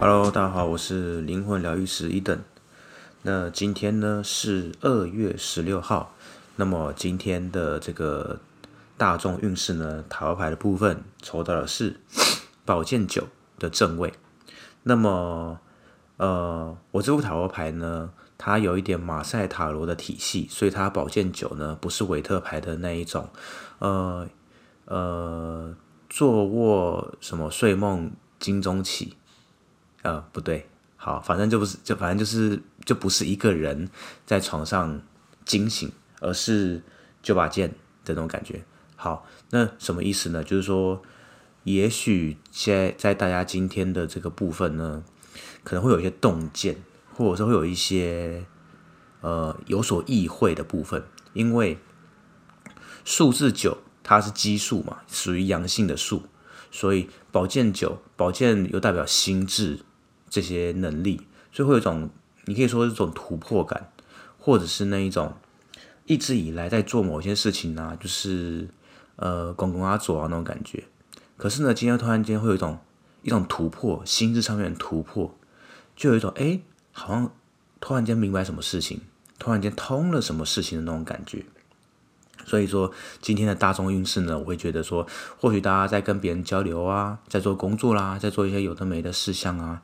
哈嘍，Hello, 大家好，我是靈魂療癒師伊登。那今天呢是二月十六號，那麼今天的這個大眾運勢呢，塔羅牌的部分抽到的是寶劍九的正位。那麼，呃，我這副塔羅牌呢，它有一點馬賽塔羅的體系，所以它寶劍九呢不是韋特牌的那一種，呃呃，坐臥什麼睡夢金鐘起。呃，不對，好，反正就不是，就反正就是，就不是一個人在床上驚醒，而是九把劍這種感覺。好，那什麼意思呢？就是說，也許在在大家今天的這個部分呢，可能會有一些洞見，或者說會有一些呃有所意會的部分，因為數字九它是奇數嘛，屬於陽性的數，所以寶劍九，寶劍又代表心智。這些能力，所以會有一種，你可以說是一種突破感，或者是那一種一直以來在做某些事情啊，就是呃公公啊左啊那種感覺。可是呢，今天突然間會有一種一種突破，心智上面的突破，就有一種哎，好像突然間明白什麼事情，突然間通了什麼事情的那種感覺。所以說，今天的大眾運勢呢，我會覺得說，或許大家在跟別人交流啊，在做工作啦，在做一些有的沒的事項啊。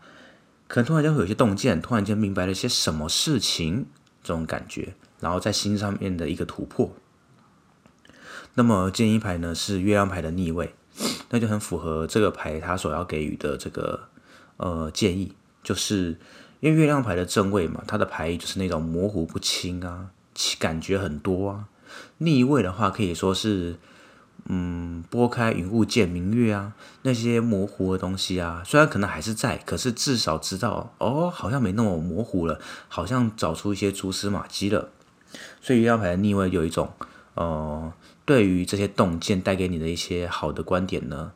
可能突然間會有些洞見，突然間明白了一些什麼事情，這種感覺，然後在心上面的一個突破。那麼建議牌呢，是月亮牌的逆位，那就很符合這個牌它所要給予的這個呃建議，就是因為月亮牌的正位嘛，它的牌意就是那種模糊不清啊，感覺很多啊，逆位的話可以說是。嗯，撥開雲霧見明月啊，那些模糊的東西啊，雖然可能還是在，可是至少知道哦，好像沒那麼模糊了，好像找出一些蛛絲馬跡了。所以，月亮牌的逆位有一種，呃，對於這些洞見帶給你的一些好的觀點呢，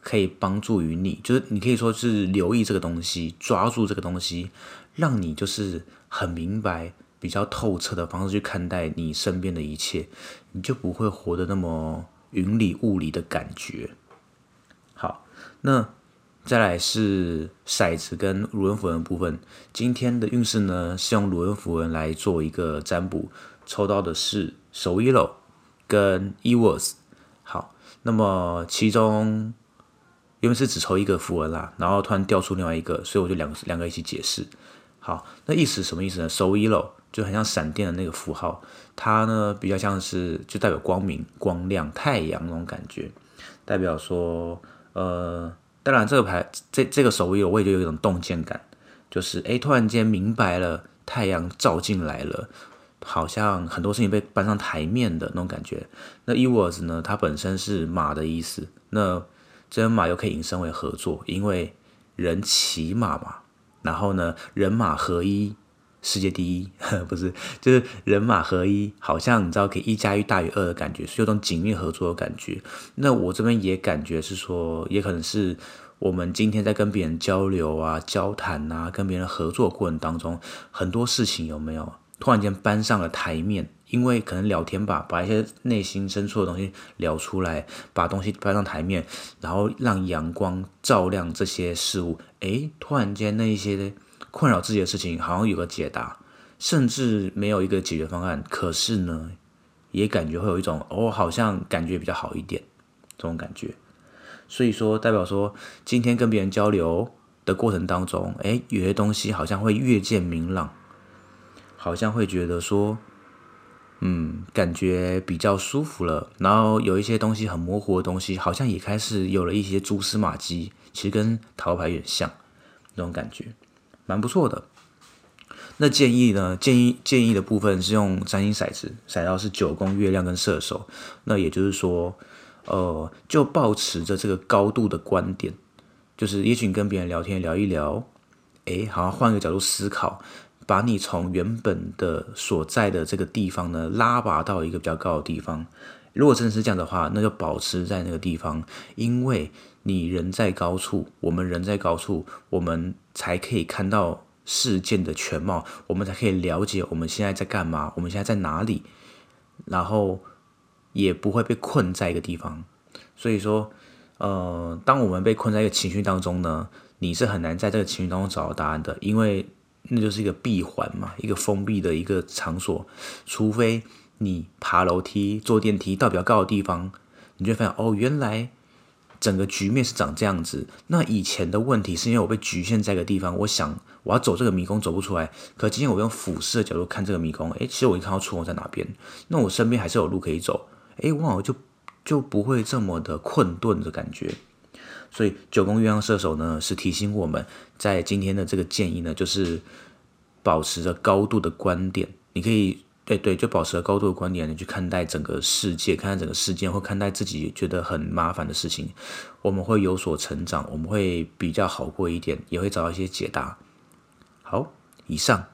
可以幫助於你，就是你可以說是留意這個東西，抓住這個東西，讓你就是很明白、比較透徹的方式去看待你身邊的一切，你就不會活得那麼雲裡霧裡的感覺。好，那再來是骰子跟盧恩符文的部分。今天的運勢呢，是用盧恩符文來做一個占卜，抽到的是 Sowilo 跟 Ehwaz。好，那麼其中原本是只抽一個符文啦，然後突然掉出另外一個，所以我就兩個兩個一起解釋。好，那意思什麼意思呢？Sowilo。就很像閃電的那個符號，它呢，比較像是就代表光明、光亮、太陽那種感覺，代表說呃，當然這個牌這這個手牌我，我也就有一種洞見感，就是哎突然間明白了，太陽照進來了，好像很多事情被搬上台面的那種感覺。那 Ehwaz 呢，它本身是馬的意思，那這跟馬又可以引申為合作，因為人騎馬嘛，然後呢人馬合一。世界第一，不是就是人馬合一，好像你知道，可以一加一大於二的感覺，是有種緊密合作的感覺。那我這邊也感覺是說，也可能是我們今天在跟別人交流啊、交談啊，跟別人合作過程當中，很多事情有沒有突然間搬上了台面？因為可能聊天吧，把一些內心深處的東西聊出來，把東西搬上台面，然後讓陽光照亮這些事物。誒，突然間那一些。困擾自己的事情好像有個解答，甚至沒有一個解決方案。可是呢，也感覺會有一種哦，好像感覺比較好一點這種感覺。所以說，代表說今天跟別人交流的過程當中，哎，有些東西好像會越見明朗，好像會覺得說，嗯，感覺比較舒服了。然後有一些東西很模糊的東西，好像也開始有了一些蛛絲馬跡。其實跟塔牌有點像那種感覺。蠻不錯的，那建議呢？建議建議的部分是用占星骰子，骰到是九宮、月亮跟射手，那也就是說，呃，就保持着這個高度的觀點，就是也許你跟別人聊天聊一聊，誒，好像換個角度思考。把你從原本的所在的這個地方呢，拉拔到一個比較高的地方。如果真的是這樣的話，那就保持在那個地方，因為你人在高處，我們人在高處，我們才可以看到事件的全貌，我們才可以了解我們現在在幹嘛，我們現在在哪裡，然後也不會被困在一個地方。所以說，呃，當我們被困在一個情緒當中呢，你是很難在這個情緒當中找到答案的，因為。那就是一個閉環嘛，一個封閉的一個場所。除非你爬樓梯、坐電梯到比較高的地方，你就會發現哦，原來整個局面是長這樣子。那以前的問題是因為我被局限在一個地方，我想我要走這個迷宮走不出來。可今天我用俯視的角度看這個迷宮，哎，其實我一看到出口在哪邊，那我身邊還是有路可以走。哎，我好像就就不會這麼的困頓的感覺。所以九宮月亮射手呢，是提醒我們，在今天的這個建議呢，就是保持着高度的觀點。你可以，對對，就保持着高度的觀點你去看待整個世界，看待整個事件，或看待自己覺得很麻煩的事情，我們會有所成長，我們會比較好過一點，也會找到一些解答。好，以上。